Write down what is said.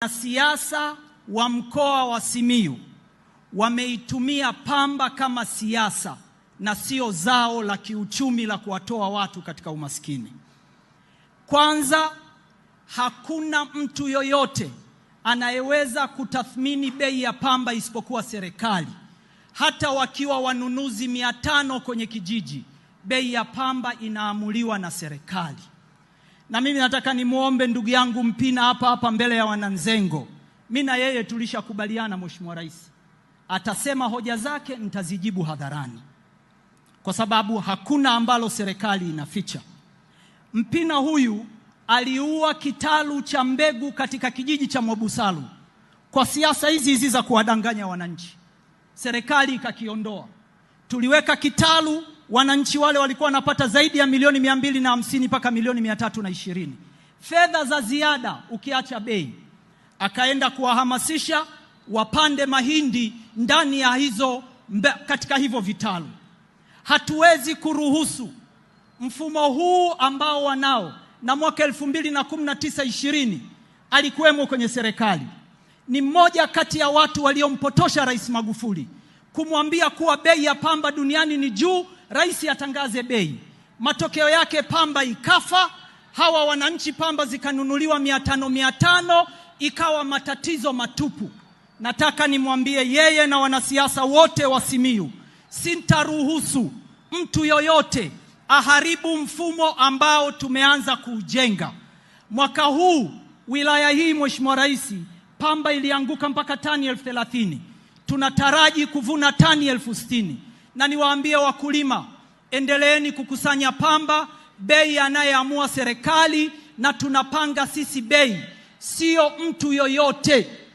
Wanasiasa wa mkoa wa Simiyu wameitumia pamba kama siasa na sio zao la kiuchumi la kuwatoa watu katika umaskini. Kwanza, hakuna mtu yoyote anayeweza kutathmini bei ya pamba isipokuwa serikali. Hata wakiwa wanunuzi mia tano kwenye kijiji, bei ya pamba inaamuliwa na serikali na mimi nataka nimwombe ndugu yangu Mpina hapa hapa mbele ya Wananzengo. Mimi na yeye tulishakubaliana, Mheshimiwa Rais atasema hoja zake, nitazijibu hadharani, kwa sababu hakuna ambalo serikali inaficha. Mpina huyu aliua kitalu cha mbegu katika kijiji cha Mwabusalu kwa siasa hizi hizi za kuwadanganya wananchi. Serikali ikakiondoa, tuliweka kitalu wananchi wale walikuwa wanapata zaidi ya milioni mia mbili na hamsini mpaka milioni mia tatu na ishirini fedha za ziada ukiacha bei. Akaenda kuwahamasisha wapande mahindi ndani ya hizo mbe, katika hivyo vitalu. Hatuwezi kuruhusu mfumo huu ambao wanao, na mwaka elfu mbili na kumi na tisa ishirini alikuwemo kwenye serikali, ni mmoja kati ya watu waliompotosha Rais Magufuli kumwambia kuwa bei ya pamba duniani ni juu rais atangaze bei, matokeo yake pamba ikafa, hawa wananchi pamba zikanunuliwa mia tano mia tano, ikawa matatizo matupu. Nataka nimwambie yeye na wanasiasa wote wa Simiyu, sintaruhusu mtu yoyote aharibu mfumo ambao tumeanza kuujenga. Mwaka huu wilaya hii, Mheshimiwa Rais, pamba ilianguka mpaka tani elfu thelathini. Tunataraji kuvuna tani elfu sitini na niwaambie wakulima, endeleeni kukusanya pamba, bei anayeamua serikali, na tunapanga sisi bei, sio mtu yoyote.